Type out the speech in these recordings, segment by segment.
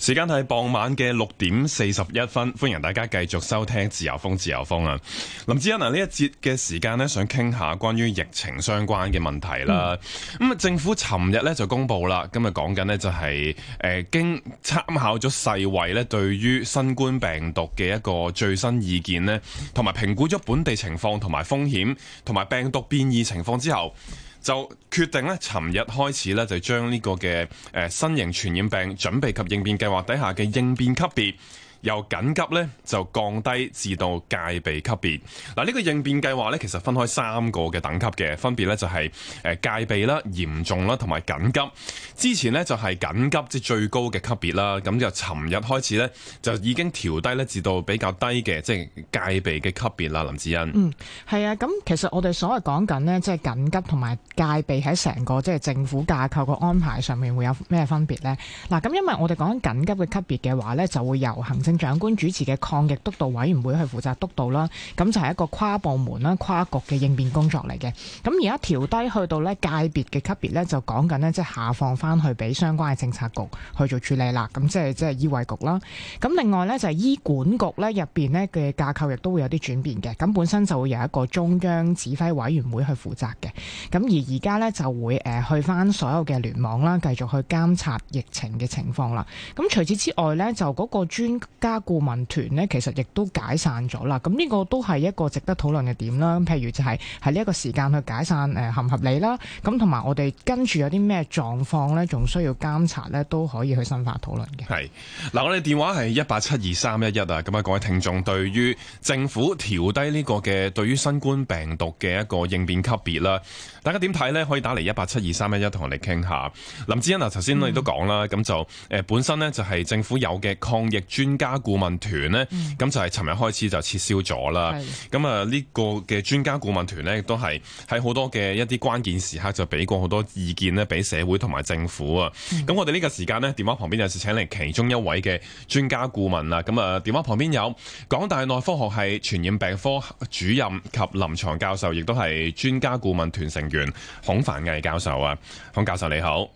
時間係傍晚嘅六點四十一分，歡迎大家繼續收聽自由風自由風啊！林志欣嗱、啊，這一節的呢一節嘅時間咧，想傾下關於疫情相關嘅問題啦。咁、嗯、啊、嗯，政府尋日咧就公布啦，今日講緊咧就係誒經參考咗世衛咧對於新冠病毒嘅一個最新意見咧，同埋評估咗本地情況同埋風險，同埋病毒變異情況之後。就決定呢尋日開始呢就將呢個嘅誒、呃、新型傳染病準備及應變計劃底下嘅應變級別，由緊急咧，就降低至到戒備級別。嗱，呢個應變計劃咧，其實分開三個嘅等級嘅，分別咧就係戒備啦、嚴重啦同埋緊急。之前呢就係緊急即最高嘅級別啦。咁就尋日開始咧，就已經調低咧至到比較低嘅即係戒備嘅級別啦。林志恩，嗯，係啊。咁其實我哋所謂講緊呢，即係緊急同埋戒備喺成個即係政府架構嘅安排上面會有咩分別咧？嗱，咁因為我哋講緊緊急嘅級別嘅話咧，就會由行政長官主持嘅抗疫督導委員會去負責督導啦，咁就係一個跨部門啦、跨局嘅應變工作嚟嘅。咁而家調低去到呢戒備嘅級別呢，就講緊呢，即係下放翻去俾相關嘅政策局去做處理啦。咁即係即係醫衛局啦。咁另外呢，就係醫管局呢，入邊呢嘅架構亦都會有啲轉變嘅。咁本身就會有一個中央指揮委員會去負責嘅。咁而而家呢，就會誒去翻所有嘅聯網啦，繼續去監察疫情嘅情況啦。咁除此之外呢，就嗰個專家顧問團咧，其實亦都解散咗啦。咁呢個都係一個值得討論嘅點啦。譬如就係喺呢一個時間去解散，誒合唔合理啦？咁同埋我哋跟住有啲咩狀況呢？仲需要監察呢都可以去深化討論嘅。係。嗱，我哋電話係一八七二三一一啊。咁啊，各位聽眾對於政府調低呢個嘅對於新冠病毒嘅一個應變級別啦，大家點睇呢？可以打嚟一八七二三一一同我哋傾下。林志恩嗱，頭先我哋都講啦，咁、嗯、就誒本身呢就係政府有嘅抗疫專家。顧問團呢，咁就係尋日開始就撤銷咗啦。咁啊，呢個嘅專家顧問團呢，亦都係喺好多嘅一啲關鍵時刻就俾過好多意見呢，俾社會同埋政府啊。咁我哋呢個時間呢，電話旁邊有請嚟其中一位嘅專家顧問啊。咁啊，電話旁邊有港大內科學系傳染病科主任及臨牀教授，亦都係專家顧問團成員孔繁毅教授啊。孔教授你好。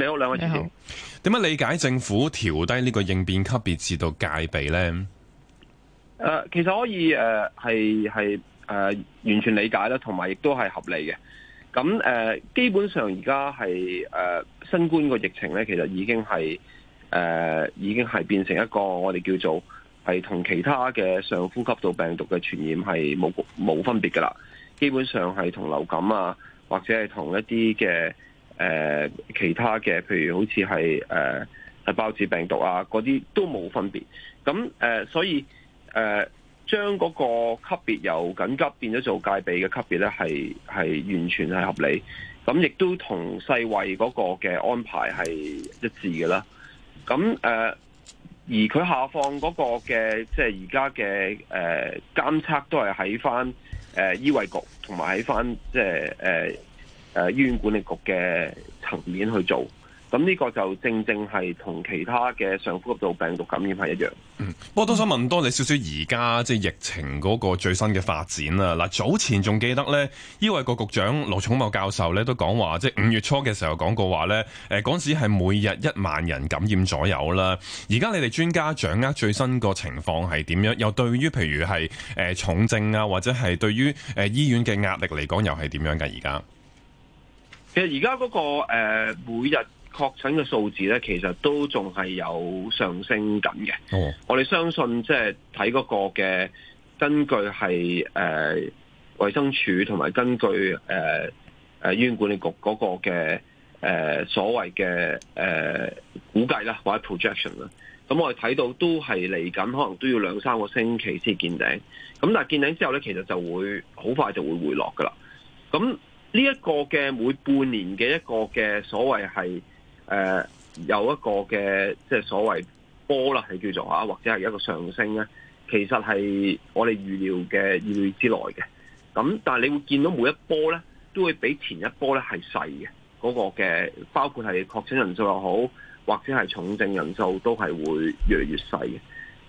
你好，兩位主持。點樣理解政府調低呢個應變級別至到戒備呢？誒、呃，其實可以誒，係係誒，完全理解啦，同埋亦都係合理嘅。咁誒、呃，基本上而家係誒，新冠個疫情咧，其實已經係誒、呃，已經係變成一個我哋叫做係同其他嘅上呼吸道病毒嘅傳染係冇冇分別噶啦。基本上係同流感啊，或者係同一啲嘅。誒、呃、其他嘅，譬如好似係誒係包治病毒啊，嗰啲都冇分別。咁誒、呃，所以誒、呃、將嗰個級別由緊急變咗做戒備嘅級別咧，係係完全係合理。咁亦都同世衛嗰個嘅安排係一致嘅啦。咁誒、呃，而佢下放嗰個嘅即係而家嘅誒監測都係喺返誒醫衞局同埋喺返即係誒。誒，醫院管理局嘅層面去做，咁呢個就正正係同其他嘅上呼吸道病毒感染係一樣。嗯，不過我都想問多你少少，而家即係疫情嗰個最新嘅發展啦。嗱，早前仲記得呢，醫衞局局長盧寵茂教授呢都講話，即係五月初嘅時候講過話呢，誒嗰陣時係每日一萬人感染左右啦。而家你哋專家掌握最新個情況係點樣？又對於譬如係誒重症啊，或者係對於誒醫院嘅壓力嚟講，又係點樣嘅而家？其實而家嗰個誒、呃、每日確診嘅數字咧，其實都仲係有上升緊嘅。Oh. 我哋相信即係睇嗰個嘅根據係誒衛生署同埋根據誒誒、呃呃、醫院管理局嗰個嘅誒、呃、所謂嘅誒估計啦，或者 projection 啦。咁我哋睇到都係嚟緊，可能都要兩三個星期先見頂。咁但係見頂之後咧，其實就會好快就會回落噶啦。咁呢、這、一個嘅每半年嘅一個嘅所謂係誒有一個嘅即係所謂波啦係叫做啊，或者係一個上升咧，其實係我哋預料嘅意料之內嘅。咁但係你會見到每一波咧都會比前一波咧係細嘅，嗰個嘅包括係確診人數又好，或者係重症人數都係會越嚟越細嘅。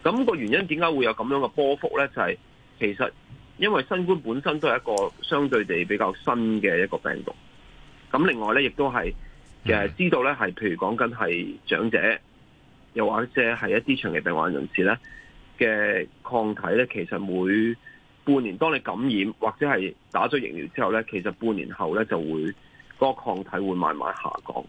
咁個原因點解會有咁樣嘅波幅咧？就係其實。因為新冠本身都係一個相對地比較新嘅一個病毒，咁另外咧，亦都係誒知道咧，係譬如講緊係長者，又或者係一啲長期病患人士咧嘅抗體咧，其實每半年當你感染或者係打咗疫苗之後咧，其實半年後咧就會嗰個抗體會慢慢下降。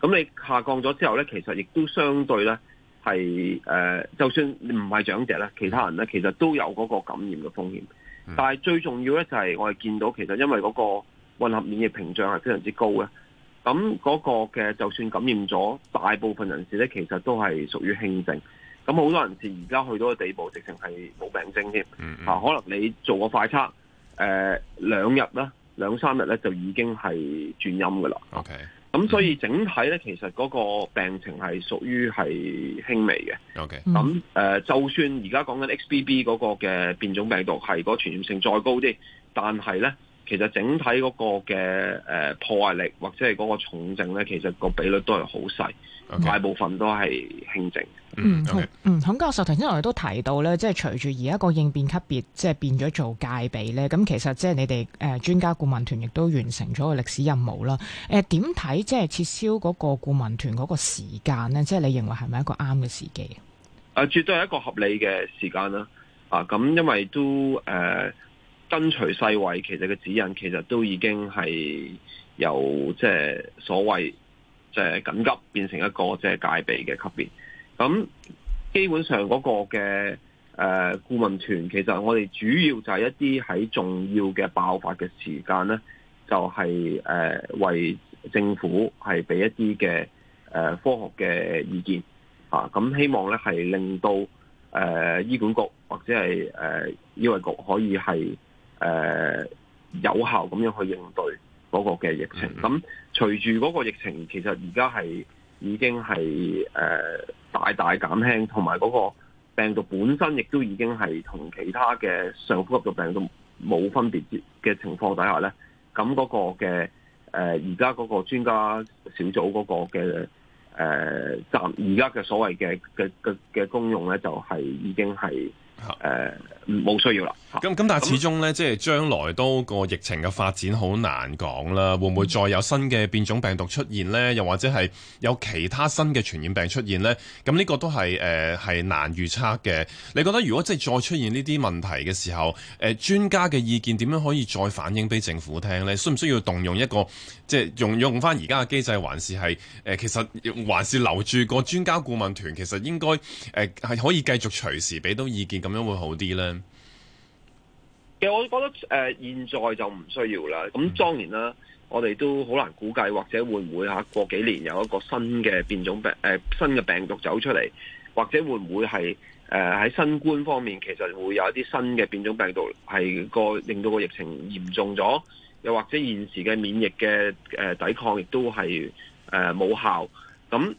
咁你下降咗之後咧，其實亦都相對咧係誒，就算唔係長者咧，其他人咧，其實都有嗰個感染嘅風險。嗯、但係最重要咧，就係我哋見到其實因為嗰個混合免疫屏障係非常之高嘅，咁嗰個嘅就算感染咗，大部分人士咧，其實都係屬於輕症。咁好多人士而家去到個地步，直情係冇病徵添、嗯嗯。啊，可能你做個快測，誒、呃、兩日咧、兩三日咧，就已經係轉陰㗎喇。OK。咁所以整體咧，其實嗰個病情係屬於係輕微嘅。OK，咁、呃、就算而家講緊 XBB 嗰個嘅變種病毒係個傳染性再高啲，但係咧。其實整體嗰個嘅誒破壞力或者係嗰個重症咧，其實個比率都係好細，okay. 大部分都係輕症。mm, okay. 嗯。嗯，嗯，孔教授，頭先我哋都提到咧，即係隨住而家個應變級別即係變咗做戒備咧，咁其實即係你哋誒專家顧問團亦都完成咗個歷史任務啦。誒、呃，點睇即係撤銷嗰個顧問團嗰個時間咧？即係你認為係咪一個啱嘅時機？誒、呃，絕對係一個合理嘅時間啦。啊，咁因為都誒。呃跟隨世衞其實嘅指引，其實都已經係由即係所謂即係緊急變成一個即係戒備嘅級別。咁基本上嗰個嘅誒顧問團，其實我哋主要就係一啲喺重要嘅爆發嘅時間咧，就係誒為政府係畀一啲嘅誒科學嘅意見啊。咁希望咧係令到誒醫管局或者係誒醫衞局可以係。誒、呃、有效咁樣去應對嗰個嘅疫情，咁隨住嗰個疫情其實而家係已經係誒、呃、大大減輕，同埋嗰個病毒本身亦都已經係同其他嘅上呼吸道病毒冇分別嘅情況底下呢咁嗰個嘅誒而家嗰個專家小組嗰個嘅誒暫而家嘅所謂嘅嘅嘅嘅功用呢，就係、是、已經係。誒、嗯、冇需要啦。咁、嗯、咁，但係始終呢，即係將來都個疫情嘅發展好難講啦。會唔會再有新嘅變種病毒出現呢？又或者係有其他新嘅傳染病出現呢？咁呢個都係誒係難預測嘅。你覺得如果即係再出現呢啲問題嘅時候，誒、呃、專家嘅意見點樣可以再反映俾政府聽呢？需唔需要動用一個即係用用翻而家嘅機制，還是係、呃、其實還是留住個專家顧問團，其實應該誒係、呃、可以繼續隨時俾到意見咁。點樣會好啲呢？其實我覺得誒、呃，現在就唔需要啦。咁當然啦，我哋都好難估計，或者會唔會吓過幾年有一個新嘅變種病誒、呃，新嘅病毒走出嚟，或者會唔會係誒喺新冠方面，其實會有一啲新嘅變種病毒係個令到個疫情嚴重咗，又或者現時嘅免疫嘅誒、呃、抵抗亦都係誒冇效。咁呢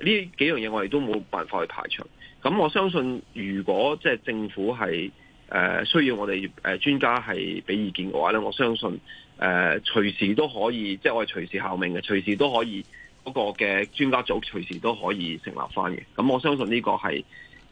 幾樣嘢我哋都冇辦法去排除。咁我相信，如果即係政府係誒需要我哋誒專家係俾意見嘅話咧，我相信誒隨時都可以，即係我哋隨時效命嘅，隨時都可以嗰個嘅專家組隨時都可以成立翻嘅。咁我相信呢個係。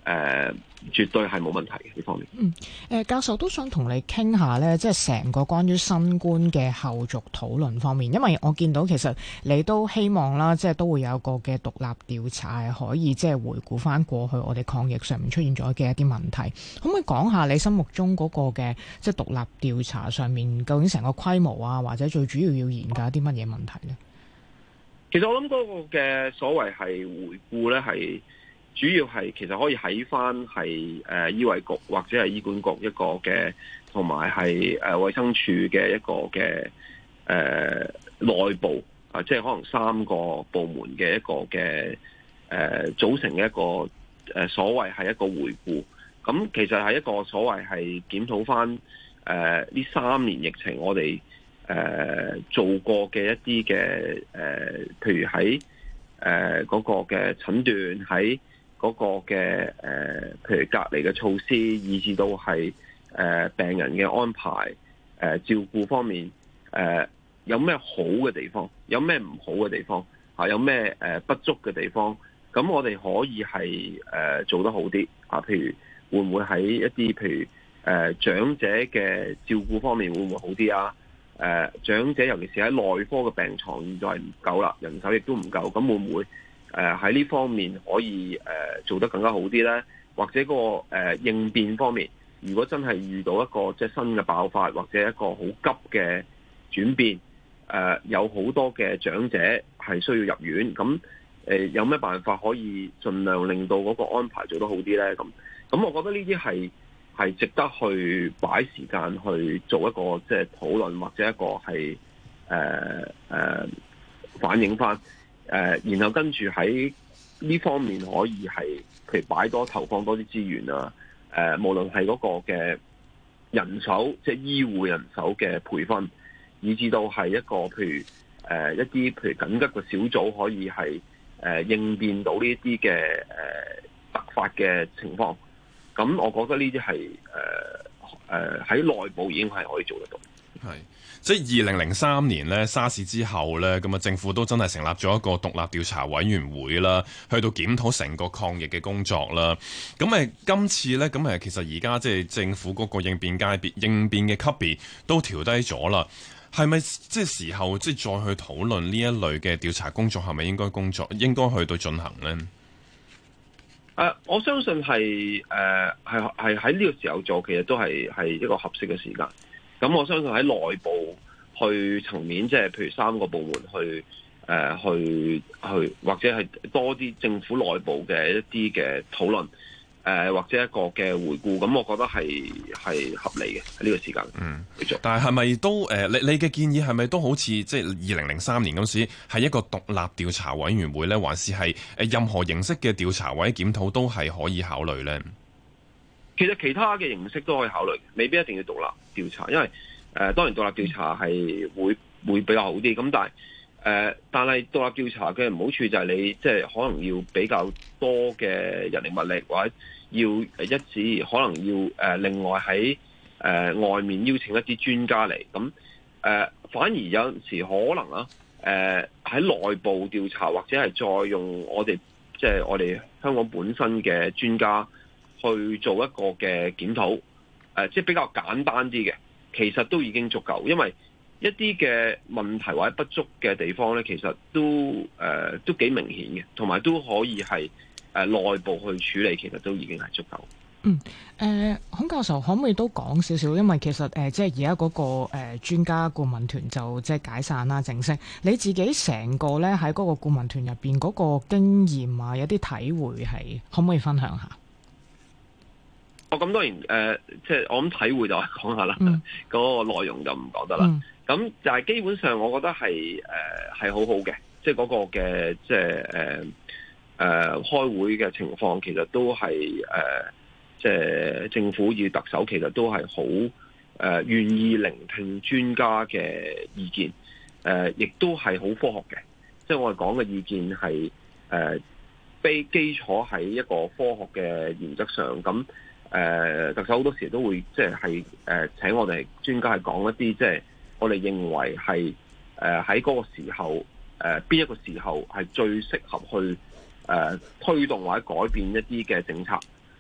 誒、呃，絕對係冇問題嘅呢方面。嗯，誒、呃，教授都想同你傾下呢，即係成個關於新冠嘅後續討論方面，因為我見到其實你都希望啦，即係都會有一個嘅獨立調查，係可以即係回顧翻過去我哋抗疫上面出現咗嘅一啲問題。可唔可以講下你心目中嗰個嘅即係獨立調查上面究竟成個規模啊，或者最主要要研究一啲乜嘢問題呢？其實我諗嗰個嘅所謂係回顧呢，係。主要係其實可以喺翻係誒醫衞局或者係醫管局一個嘅，同埋係誒衛生署嘅一個嘅誒、呃、內部啊，即係可能三個部門嘅一個嘅誒、呃、組成嘅一個誒、呃、所謂係一個回顧。咁其實係一個所謂係檢討翻誒呢三年疫情我哋誒、呃、做過嘅一啲嘅誒，譬如喺誒嗰個嘅診斷喺。嗰、那個嘅誒，譬如隔離嘅措施，以至到係誒、呃、病人嘅安排誒、呃、照顧方面誒、呃，有咩好嘅地方，有咩唔好嘅地方，啊、有咩、呃、不足嘅地方，咁我哋可以係誒、呃、做得好啲啊？譬如會唔會喺一啲譬如誒、呃、長者嘅照顧方面會唔會好啲啊？誒、呃、長者尤其是喺內科嘅病床現在唔夠啦，人手亦都唔夠，咁會唔會？誒喺呢方面可以誒、呃、做得更加好啲呢，或者、嗰個誒、呃、應變方面，如果真係遇到一個即係、就是、新嘅爆發或者一個好急嘅轉變，誒、呃、有好多嘅長者係需要入院，咁誒、呃、有咩辦法可以盡量令到嗰個安排做得好啲呢？咁咁，那我覺得呢啲係係值得去擺時間去做一個即係討論或者一個係誒、呃呃、反映翻。誒，然後跟住喺呢方面可以係，譬如擺多投放多啲資源啊，誒、呃，無論係嗰個嘅人手，即係醫護人手嘅培訓，以至到係一個譬如誒、呃、一啲譬如緊急嘅小組可以係誒、呃、應變到呢啲嘅誒突發嘅情況，咁我覺得呢啲係誒誒喺內部已經係可以做得到。係。即係二零零三年咧，沙士之後咧，咁啊，政府都真係成立咗一個獨立調查委員會啦，去到檢討成個抗疫嘅工作啦。咁誒，今次咧，咁誒，其實而家即係政府嗰個應變階別、應變嘅級別都調低咗啦。係咪即係時候，即係再去討論呢一類嘅調查工作，係咪應該工作，應該去到進行咧？誒，uh，我相信係誒，係係喺呢個時候做，其實都係係一個合適嘅時間。咁我相信喺內部去層面，即係譬如三個部門去誒去、呃、去，或者係多啲政府內部嘅一啲嘅討論，誒、呃、或者一個嘅回顧。咁我覺得係係合理嘅喺呢個時間、嗯、去做。但係係咪都誒、呃？你你嘅建議係咪都好似即係二零零三年嗰時，係一個獨立調查委員會呢？還是係誒任何形式嘅調查或者檢討都係可以考慮呢？其實其他嘅形式都可以考慮，未必一定要獨立調查。因為誒、呃，當然獨立調查係會會比較好啲。咁但係、呃、但係獨立調查嘅唔好處就係你即係、就是、可能要比較多嘅人力物力，或者要一啲可能要誒另外喺誒、呃、外面邀請一啲專家嚟。咁誒、呃、反而有陣時可能啊誒喺內部調查，或者係再用我哋即係我哋香港本身嘅專家。去做一個嘅檢討，誒、呃，即係比較簡單啲嘅，其實都已經足夠。因為一啲嘅問題或者不足嘅地方呢，其實都誒、呃、都幾明顯嘅，同埋都可以係誒內部去處理，其實都已經係足夠。嗯，誒、呃，孔教授可唔可以都講少少？因為其實誒、呃，即係而、那個呃、家嗰個誒專家顧問團就即係解散啦、啊，正式你自己成個呢，喺嗰個顧問團入邊嗰個經驗啊，有啲體會係可唔可以分享一下？我、哦、咁當然誒、呃，即係我咁體會就講下啦，嗰、mm. 個內容就唔講得啦。咁就係基本上，我覺得係誒係好好嘅，即係嗰個嘅即係誒誒開會嘅情況，其實都係誒、呃、即係政府與特首其實都係好誒願意聆聽專家嘅意見，誒、呃、亦都係好科學嘅，即係我哋講嘅意見係誒基基礎喺一個科學嘅原則上咁。誒、呃、特首好多時都會即係係誒請我哋專家係講一啲即係我哋認為係誒喺嗰個時候誒邊、呃、一個時候係最適合去誒、呃、推動或者改變一啲嘅政策，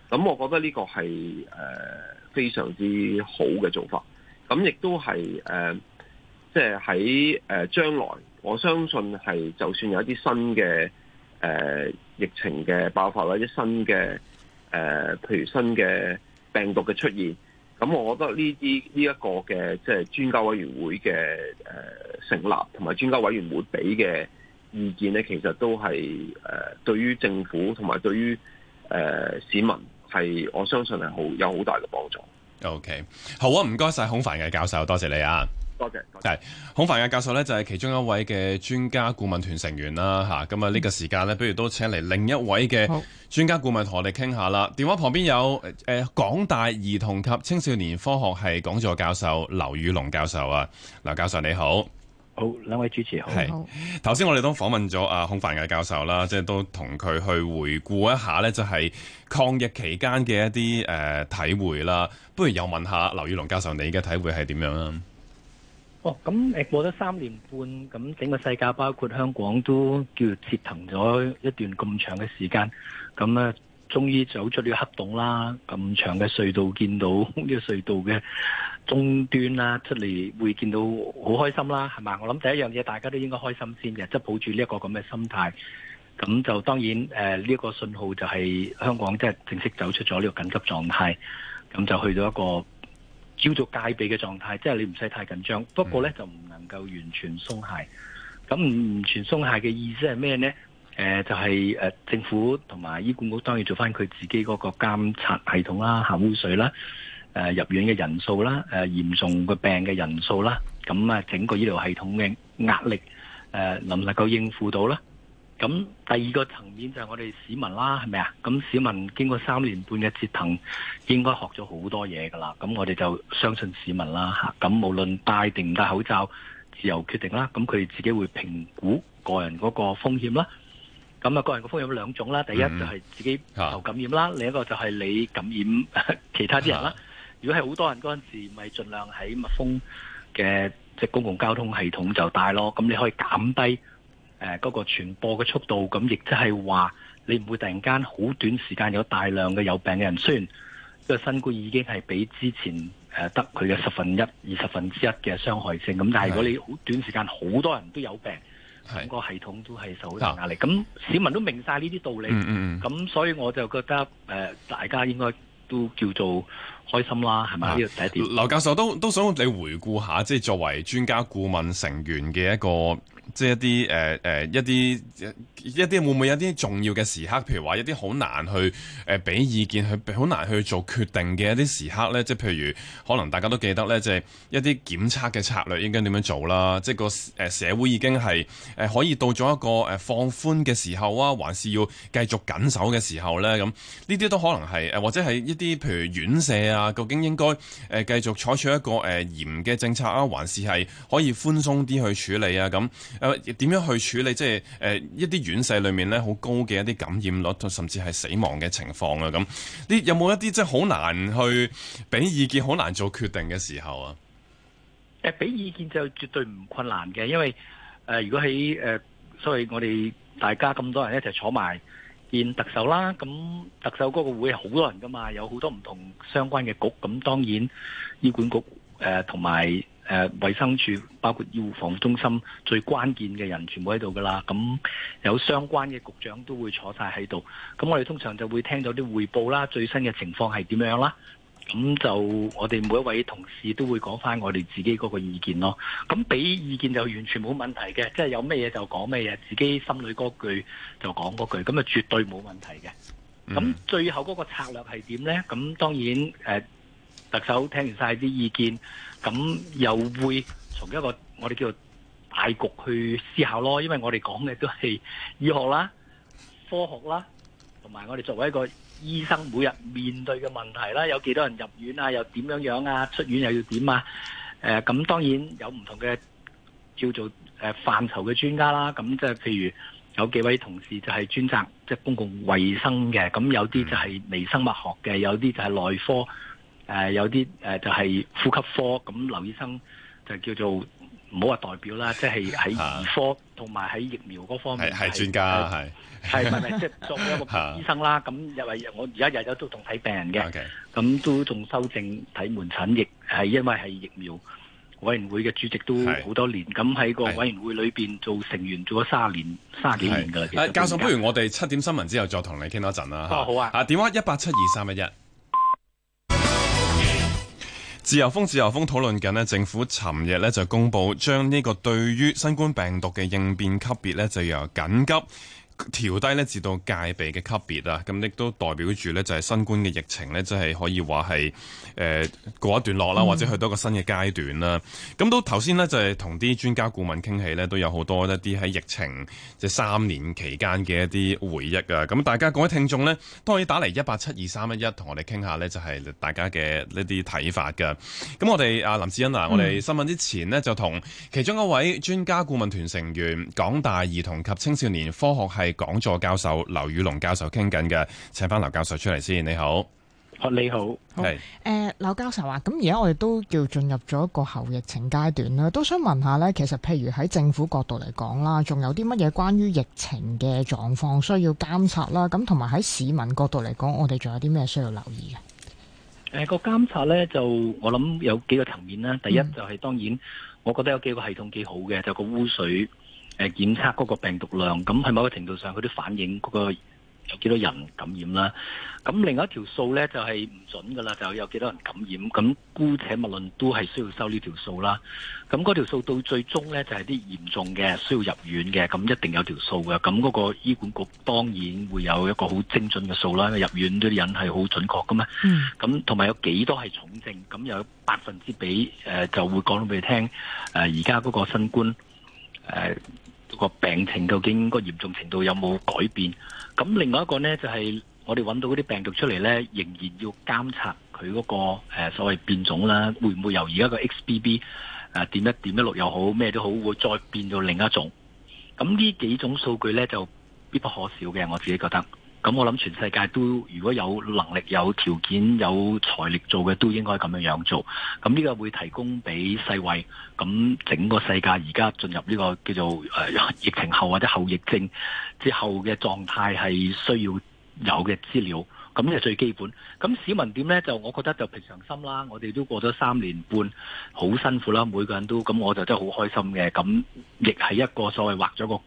咁我覺得呢個係誒、呃、非常之好嘅做法，咁亦都係誒即係喺誒將來，我相信係就算有一啲新嘅誒、呃、疫情嘅爆發或者一啲新嘅。誒、呃，譬如新嘅病毒嘅出現，咁我覺得呢啲呢一個嘅即係專家委員會嘅誒、呃、成立，同埋專家委員會俾嘅意見呢，其實都係誒、呃、對於政府同埋對於誒、呃、市民係我相信係好有好大嘅幫助。OK，好啊，唔該晒孔繁毅教授，多謝，謝你啊！多謝，謝。係孔繁毅教授咧，就係其中一位嘅專家顧問團成員啦，吓，咁啊呢個時間咧，不如都請嚟另一位嘅專家顧問同我哋傾下啦。電話旁邊有誒、呃、港大兒童及青少年科學系講座教授劉宇隆教授啊，劉教授你好，好。兩位主持好，好。係頭先我哋都訪問咗阿孔繁毅教授啦，即、就、係、是、都同佢去回顧一下咧，就係抗疫期間嘅一啲誒、呃、體會啦。不如又問一下劉宇隆教授，你嘅體會係點樣啊？咁、哦、誒過咗三年半，咁整個世界包括香港都叫折騰咗一段咁長嘅時間，咁咧、啊、終於走出呢個黑洞啦，咁長嘅隧道見到呢、呢個隧道嘅終端啦、啊，出嚟會見到好開心啦，係嘛？我諗第一樣嘢大家都應該開心先嘅，即係保住呢一個咁嘅心態，咁就當然誒呢一個信號就係香港即係正式走出咗呢個緊急狀態，咁就去到一個叫做戒備嘅狀態，即係你唔使太緊張，不過呢就唔能夠完全鬆懈。咁唔完全鬆懈嘅意思係咩呢？誒就係誒政府同埋醫管局當然做翻佢自己嗰個監察系統啦、下污水啦、誒入院嘅人數啦、誒嚴重嘅病嘅人數啦，咁啊整個醫療系統嘅壓力誒能唔能夠應付到呢？咁，第二個層面就係我哋市民啦，係咪呀？咁，市民經過三年半嘅折騰，應該學咗好多嘢㗎啦。咁，我哋就相信市民啦。咁，無論戴定唔戴口罩，自由決定啦。咁，佢自己會評估個人嗰個風險啦。咁，個人嗰個風險有兩種啦。第一，就係自己受感染啦。另一個就係你感染其他啲人啦。如果係好多人嗰陣時，咪盡量喺密封嘅即係公共交通系統就戴囉，咁，你可以減低 誒、呃，嗰、那個傳播嘅速度，咁亦即係話，你唔會突然間好短時間有大量嘅有病嘅人。雖然個新冠已經係比之前誒、呃、得佢嘅十分一、二十分之一嘅傷害性，咁但係如果你好短時間好多人都有病，咁個系統都係受好大壓力。咁市民都明晒呢啲道理，咁、嗯嗯、所以我就覺得誒、呃，大家應該都叫做開心啦，係咪？呢個第一點。劉教授都都想你回顧下，即、就、係、是、作為專家顧問成員嘅一個。即係一啲誒、呃呃、一啲一啲會唔會有啲重要嘅時刻？譬如話一啲好難去誒俾、呃、意見去好難去做決定嘅一啲時刻呢？即係譬如可能大家都記得呢，即係一啲檢測嘅策略應該點樣做啦。即係個社會已經係可以到咗一個放寬嘅時候啊，還是要繼續緊守嘅時候呢？咁呢啲都可能係誒，或者係一啲譬如院舍啊，究竟應該誒繼續採取一個誒、呃、嚴嘅政策啊，還是係可以寬鬆啲去處理啊？咁誒、呃、點樣去處理即係誒、呃、一啲院舍裏面咧好高嘅一啲感染率，甚至係死亡嘅情況啊？咁啲有冇一啲即係好難去俾意見，好難做決定嘅時候啊？誒、呃、俾意見就絕對唔困難嘅，因為誒、呃、如果喺誒、呃，所以我哋大家咁多人一齊坐埋見特首啦，咁特首嗰個會係好多人㗎嘛，有好多唔同相關嘅局，咁當然醫管局誒同埋。呃誒、呃，衞生署包括醫護防護中心最關鍵嘅人全部喺度噶啦，咁有相關嘅局長都會坐晒喺度。咁我哋通常就會聽到啲彙報啦，最新嘅情況係點樣啦？咁就我哋每一位同事都會講返我哋自己嗰個意見咯。咁俾意見就完全冇問題嘅，即係有咩嘢就講咩嘢，自己心裏嗰句就講嗰句，咁啊絕對冇問題嘅。咁最後嗰個策略係點呢？咁當然誒。呃特首聽完晒啲意見，咁又會從一個我哋叫做大局去思考咯。因為我哋講嘅都係醫學啦、科學啦，同埋我哋作為一個醫生，每日面對嘅問題啦，有幾多人入院啊，又點樣樣啊，出院又要點啊。誒，咁當然有唔同嘅叫做誒範疇嘅專家啦。咁即係譬如有幾位同事就係專責即係公共衞生嘅，咁有啲就係微生物學嘅，有啲就係內科。誒，有啲誒，就係呼吸科，咁劉醫生就叫做唔好話代表啦，即係喺兒科同埋喺疫苗嗰方面係專家，係係咪？係即係作為一個醫生啦，咁又為我而家日日都仲睇病人嘅，咁、okay. 都仲修正睇門診，亦係因為係疫苗委員會嘅主席都好多年，咁喺個委員會裏邊做成員做咗卅年、卅幾年噶啦。教授，不如我哋七點新聞之後再同你傾多陣啦，好啊，吓電話一八七二三一一。自由風，自由風討論緊咧。政府尋日咧就公布，將呢個對於新冠病毒嘅應變級別咧就由緊急，調低呢至到戒備嘅級別啊，咁亦都代表住呢就係新冠嘅疫情呢，即係可以話係誒過一段落啦，或者去到一個新嘅階段啦。咁都頭先呢，就係同啲專家顧問傾起呢，都有好多一啲喺疫情即係三年期間嘅一啲回憶啊。咁大家各位聽眾呢，都可以打嚟一八七二三一一同我哋傾下呢，就係大家嘅呢啲睇法噶。咁我哋啊，林志欣啊，我哋新聞之前呢，就同其中一位專家顧問團成員港大兒童及青少年科學系。係講座教授劉宇隆教授傾緊嘅。請翻劉教授出嚟先，你好，好你好，係、呃、誒，劉教授啊，咁而家我哋都叫進入咗一個後疫情階段啦，都想問下咧，其實譬如喺政府角度嚟講啦，仲有啲乜嘢關於疫情嘅狀況需要監察啦？咁同埋喺市民角度嚟講，我哋仲有啲咩需要留意嘅？誒，個監察咧，就我諗有幾個層面啦，第一就係、是嗯、當然，我覺得有幾個系統幾好嘅，就個、是、污水。誒，檢測嗰個病毒量，咁喺某個程度上，佢都反映嗰個有幾多人感染啦。咁另外一條數呢就係唔準噶啦，就係有幾多人感染。咁姑且勿論都係需要收呢條數啦。咁嗰條數到最終呢就係啲嚴重嘅需要入院嘅，咁一定有條數嘅。咁嗰個醫管局當然會有一個好精準嘅數啦，入院啲人係好準確噶嘛。嗯。咁同埋有幾多係重症？咁有百分之幾誒就會講到俾你聽。誒，而家嗰個新冠誒。個病情究竟個嚴重程度有冇改變？咁另外一個呢，就係、是、我哋揾到嗰啲病毒出嚟呢，仍然要監察佢嗰、那個誒、呃、所謂變種啦，會唔會由而家個 XBB 誒點一、點一、點一六又好咩都好，會再變到另一種？咁呢幾種數據呢，就必不可少嘅，我自己覺得。咁我諗全世界都如果有能力、有條件、有財力做嘅，都應該咁樣做。咁呢個會提供俾世衛。咁整個世界而家進入呢個叫做、呃、疫情後或者後疫症之後嘅狀態，係需要有嘅資料。咁係最基本。咁市民點呢？就我覺得就平常心啦。我哋都過咗三年半，好辛苦啦。每個人都咁，我就真係好開心嘅。咁亦係一個所謂畫咗個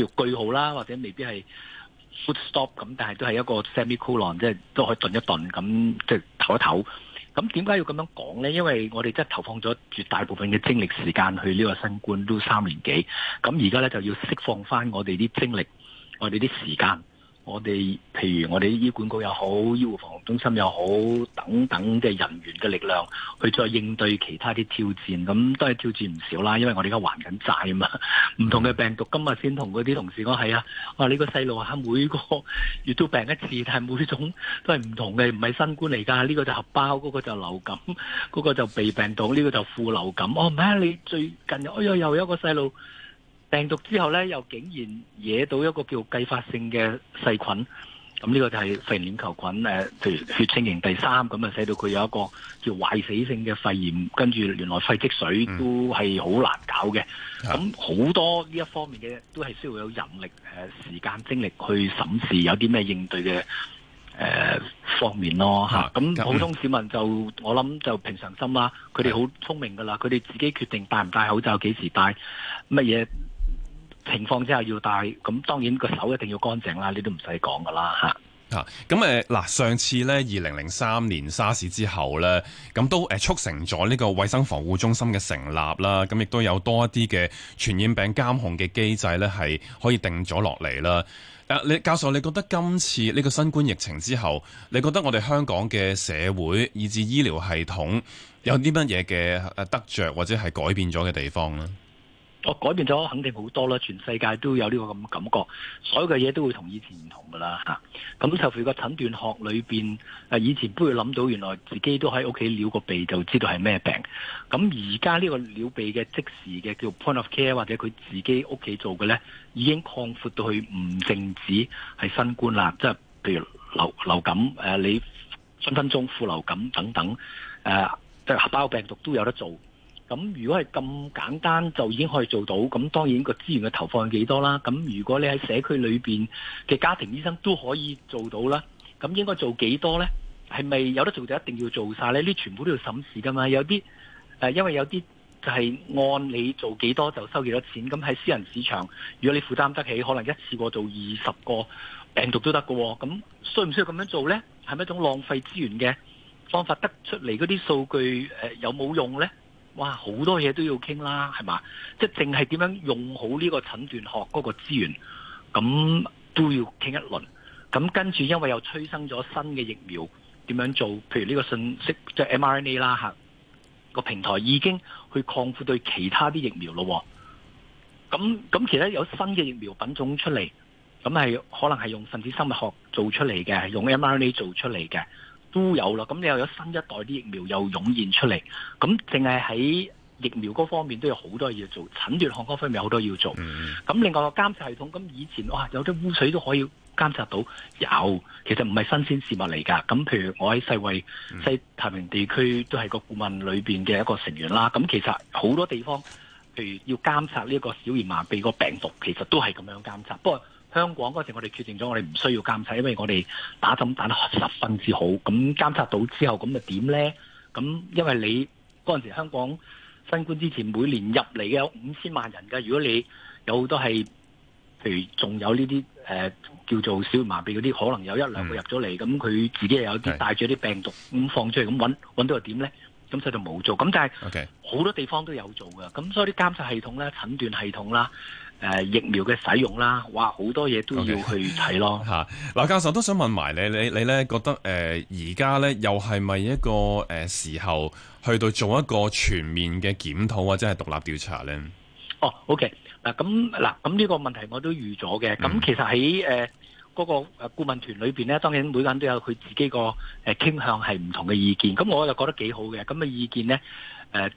叫句號啦，或者未必係。Foot stop 咁，但係都係一個 semi colon 即係都可以頓一頓咁即係唞一唞。咁點解要咁樣講咧？因為我哋即係投放咗絕大部分嘅精力時間去呢個新冠都三年幾咁而家咧就要釋放翻我哋啲精力，我哋啲時間。我哋譬如我哋醫管局又好，醫護防護中心又好，等等嘅人員嘅力量去再應對其他啲挑戰，咁都係挑戰唔少啦。因為我哋而家還緊債啊嘛，唔同嘅病毒，今日先同嗰啲同事講，係啊，話你個細路啊，個每個月都病一次，但係每種都係唔同嘅，唔係新冠嚟噶。呢、這個就合胞，嗰、那個就流感，嗰、那個就鼻病毒，呢、這個就副流感。哦，唔係啊，你最近，哎喲又有一個細路。病毒之後呢，又竟然惹到一個叫繼發性嘅細菌，咁、嗯、呢、嗯嗯這個就係肺炎鏈球菌，誒、呃，譬如血清型第三咁啊，使、嗯嗯、到佢有一個叫壞死性嘅肺炎，跟住原來肺積水都係好難搞嘅。咁、嗯、好多呢一方面嘅都係需要有人力誒、呃、時間精力去審視有啲咩應對嘅誒、呃、方面咯嚇。咁、嗯、普通市民就、嗯、我諗就平常心啦，佢哋好聰明噶啦，佢、嗯、哋自己決定戴唔戴口罩，幾時戴乜嘢。情況之下要戴，咁當然個手一定要乾淨啦，你都唔使講㗎啦嚇。嚇咁誒嗱，上次呢，二零零三年沙士之後呢，咁都誒促成咗呢個衞生防護中心嘅成立啦，咁亦都有多一啲嘅傳染病監控嘅機制呢，係可以定咗落嚟啦。誒，劉教授，你覺得今次呢個新冠疫情之後，你覺得我哋香港嘅社會以至醫療系統有啲乜嘢嘅得着或者係改變咗嘅地方呢？我改變咗，肯定好多啦！全世界都有呢個咁感覺，所有嘅嘢都會同以前唔同噶啦嚇。咁就譬如個診斷學裏邊，誒以前都會諗到，原來自己都喺屋企撩個鼻就知道係咩病。咁而家呢個撩鼻嘅即時嘅叫 point of care，或者佢自己屋企做嘅呢，已經擴闊到去唔淨止係新冠啦，即係譬如流流感，啊、你分分鐘副流感等等，誒即係合胞病毒都有得做。咁如果係咁簡單就已經可以做到，咁當然個資源嘅投放係幾多啦？咁如果你喺社區裏邊嘅家庭醫生都可以做到啦，咁應該做幾多呢？係咪有得做就一定要做晒呢？呢全部都要審視㗎嘛。有啲，因為有啲就係按你做幾多就收幾多錢。咁喺私人市場，如果你負擔得起，可能一次過做二十個病毒都得㗎喎。咁需唔需要咁樣做呢？係咪一種浪費資源嘅方法？得出嚟嗰啲數據有冇用呢？哇，好多嘢都要傾啦，係嘛？即係淨係點樣用好呢個診斷學嗰個資源，咁都要傾一輪。咁跟住，因為又催生咗新嘅疫苗，點樣做？譬如呢個信息即係 mRNA 啦，個、啊、平台已經去擴闊對其他啲疫苗咯。咁咁，其實有新嘅疫苗品種出嚟，咁係可能係用分子生物學做出嚟嘅，用 mRNA 做出嚟嘅。都有啦，咁你又有新一代啲疫苗又湧現出嚟，咁淨係喺疫苗嗰方面都有好多嘢做，診斷項嗰方面有好多要做，咁另外個監察系統，咁以前哇有啲污水都可以監察到，有其實唔係新鮮事物嚟㗎，咁譬如我喺世衞、西、嗯、太平地區都係個顧問裏面嘅一個成員啦，咁其實好多地方譬如要監察呢個小兒麻痹個病毒，其實都係咁樣監察。不過。香港嗰陣時，我哋決定咗，我哋唔需要監察，因為我哋打針打得十分之好。咁監察到之後，咁就點呢？咁因為你嗰陣時香港新冠之前每年入嚟嘅有五千萬人㗎。如果你有好多係，譬如仲有呢啲誒叫做小麻痹嗰啲，可能有一兩個入咗嚟，咁、嗯、佢自己又有啲帶住啲病毒咁放出嚟，咁搵搵到又點呢？咁所以就冇做。咁但係好、okay. 多地方都有做㗎。咁所以啲監察系統啦、診斷系統啦。誒，疫苗嘅使用啦，哇，好多嘢都要去睇咯，吓嗱，教授都想問埋你，你你咧覺得誒而家咧又係咪一個誒時候去到做一個全面嘅檢討或者係獨立調查咧？哦，OK，嗱咁嗱咁呢個問題我都預咗嘅，咁其實喺誒嗰個誒顧問團裏邊咧，當然每個人都有佢自己個誒傾向係唔同嘅意見，咁我就覺得幾好嘅，咁嘅意見咧誒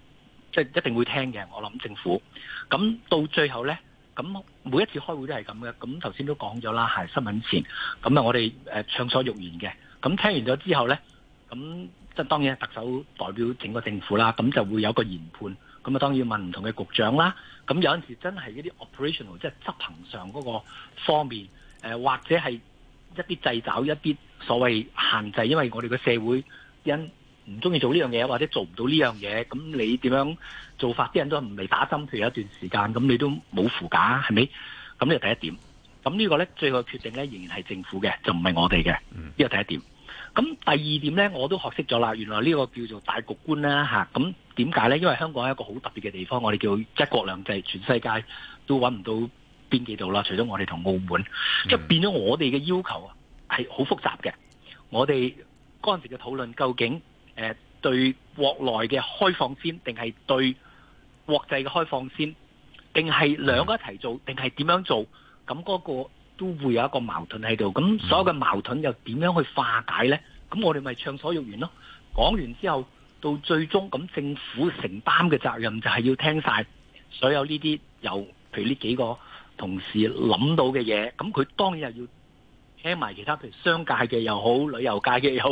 即係一定會聽嘅，我諗政府，咁到最後咧。咁每一次開會都係咁嘅，咁頭先都講咗啦，係新聞前，咁啊我哋誒暢所欲言嘅，咁聽完咗之後咧，咁即係當然特首代表整個政府啦，咁就會有個研判，咁啊當然要問唔同嘅局長啦，咁有陣時真係一啲 operational 即係執行上嗰個方面，誒或者係一啲掣肘、一啲所謂限制，因為我哋嘅社會因。唔中意做呢樣嘢，或者做唔到呢樣嘢，咁你點樣做法？啲人都唔嚟打針，佢有一段時間，咁你都冇符㗎，係咪？咁呢個第一點。咁呢個呢最後決定呢，仍然係政府嘅，就唔係我哋嘅。呢、嗯、個第一點。咁第二點呢，我都學識咗啦。原來呢個叫做大局觀啦吓，咁點解呢？因為香港係一個好特別嘅地方，我哋叫一國兩制，全世界都揾唔到邊幾度啦，除咗我哋同澳門。即、嗯、係變咗我哋嘅要求係好複雜嘅。我哋嗰陣時嘅討論究竟誒，對國內嘅開放先，定係對國際嘅開放先，定係兩個一齊做，定係點樣做？咁、那、嗰個都會有一個矛盾喺度。咁所有嘅矛盾又點樣去化解呢？咁我哋咪暢所欲言咯。講完之後，到最終咁政府承擔嘅責任就係要聽晒所有呢啲，由譬如呢幾個同事諗到嘅嘢，咁佢當然又要。聽埋其他，譬如商界嘅又好，旅遊界嘅又好，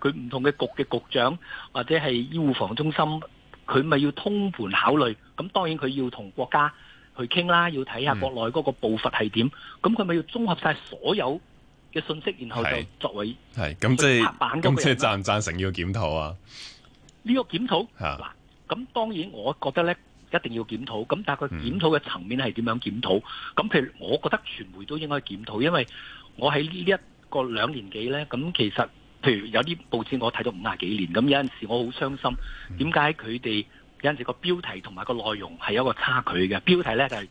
佢唔同嘅局嘅局長，或者係醫護防中心，佢咪要通盤考慮？咁當然佢要同國家去傾啦，要睇下國內嗰個步伐係點。咁佢咪要綜合晒所有嘅信息，然後就作為係咁即係咁即係贊唔贊成要檢討啊？呢個檢討嗱，咁當然我覺得咧一定要檢討。咁但係佢檢討嘅層面係點樣檢討？咁譬如我覺得傳媒都應該檢討，因為，我喺呢一個兩年幾呢，咁其實，譬如有啲報紙我睇到五廿幾年，咁有陣時我好傷心。點解佢哋有陣時個標題同埋個內容係有一個差距嘅？標題呢，就係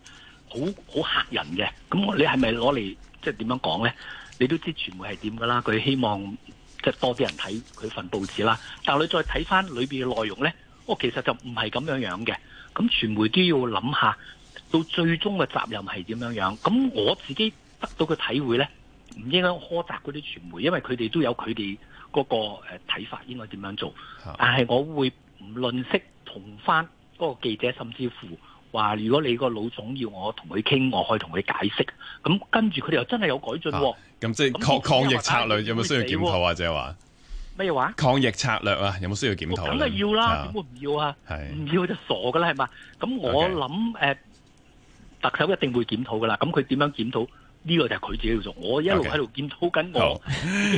好好嚇人嘅。咁你係咪攞嚟即係點樣講呢？你都知傳媒係點㗎啦。佢希望即係多啲人睇佢份報紙啦。但係你再睇翻裏面嘅內容呢，我其實就唔係咁樣樣嘅。咁傳媒都要諗下，到最終嘅責任係點樣樣。咁我自己得到嘅體會呢。唔應該苛責嗰啲傳媒，因為佢哋都有佢哋嗰個呃、睇法，應該點樣做。啊、但係我會唔論識同翻嗰個記者，甚至乎話如果你個老總要我同佢傾，我可以同佢解釋。咁、嗯、跟住佢哋又真係有改進喎。咁、啊嗯、即係、嗯、抗抗疫策略有冇需要檢討啊？即係話咩話？抗疫策略啊，有冇需要檢討？梗係要啦，點、啊、會唔要啊？唔要就傻噶啦，係嘛？咁我諗、okay. 誒、呃，特首一定會檢討噶啦。咁佢點樣檢討？呢個就係佢自己要做，我一路喺度檢討緊我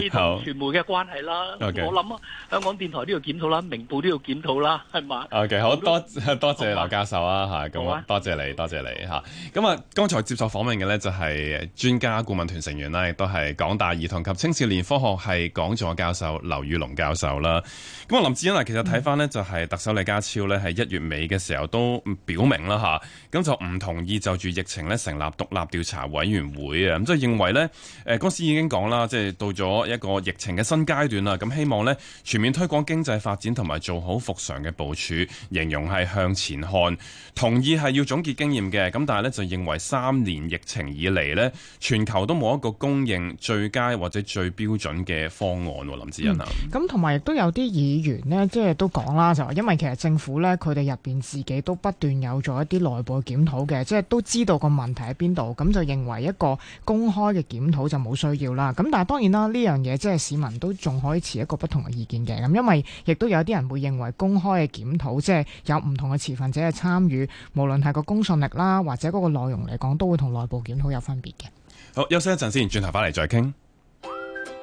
同傳媒嘅關係啦。我諗啊，香港電台都要檢討啦，明報都要檢討啦，係嘛？OK，好多多謝劉教授啊，嚇、啊、咁、啊多，啊、多謝你，多謝你嚇。咁啊，剛才接受訪問嘅呢就係、是、專家顧問團成員啦，亦都係港大兒童及青少年科學系講座教授劉宇隆教授啦。咁啊，林志欣啊，其實睇翻呢、嗯、就係、是、特首李家超呢，喺一月尾嘅時候都表明啦吓，咁、啊、就唔同意就住疫情呢成立獨、立獨立調查委員會。咁即係認為咧，嗰時已經講啦，即係到咗一個疫情嘅新階段啦。咁希望呢，全面推廣經濟發展同埋做好復常嘅部署，形容係向前看。同意係要總結經驗嘅，咁但係呢，就認為三年疫情以嚟呢，全球都冇一個公認最佳或者最標準嘅方案。林志欣啊，咁同埋亦都有啲議員呢，即係都講啦，就話因為其實政府呢，佢哋入邊自己都不斷有咗一啲內部檢討嘅，即係都知道個問題喺邊度，咁就認為一個公開嘅檢討就冇需要啦，咁但係當然啦，呢樣嘢即係市民都仲可以持一個不同嘅意見嘅，咁因為亦都有啲人會認為公開嘅檢討即係、就是、有唔同嘅持份者嘅參與，無論係個公信力啦，或者嗰個內容嚟講，都會同內部檢討有分別嘅。好，休息一陣先，轉頭翻嚟再傾。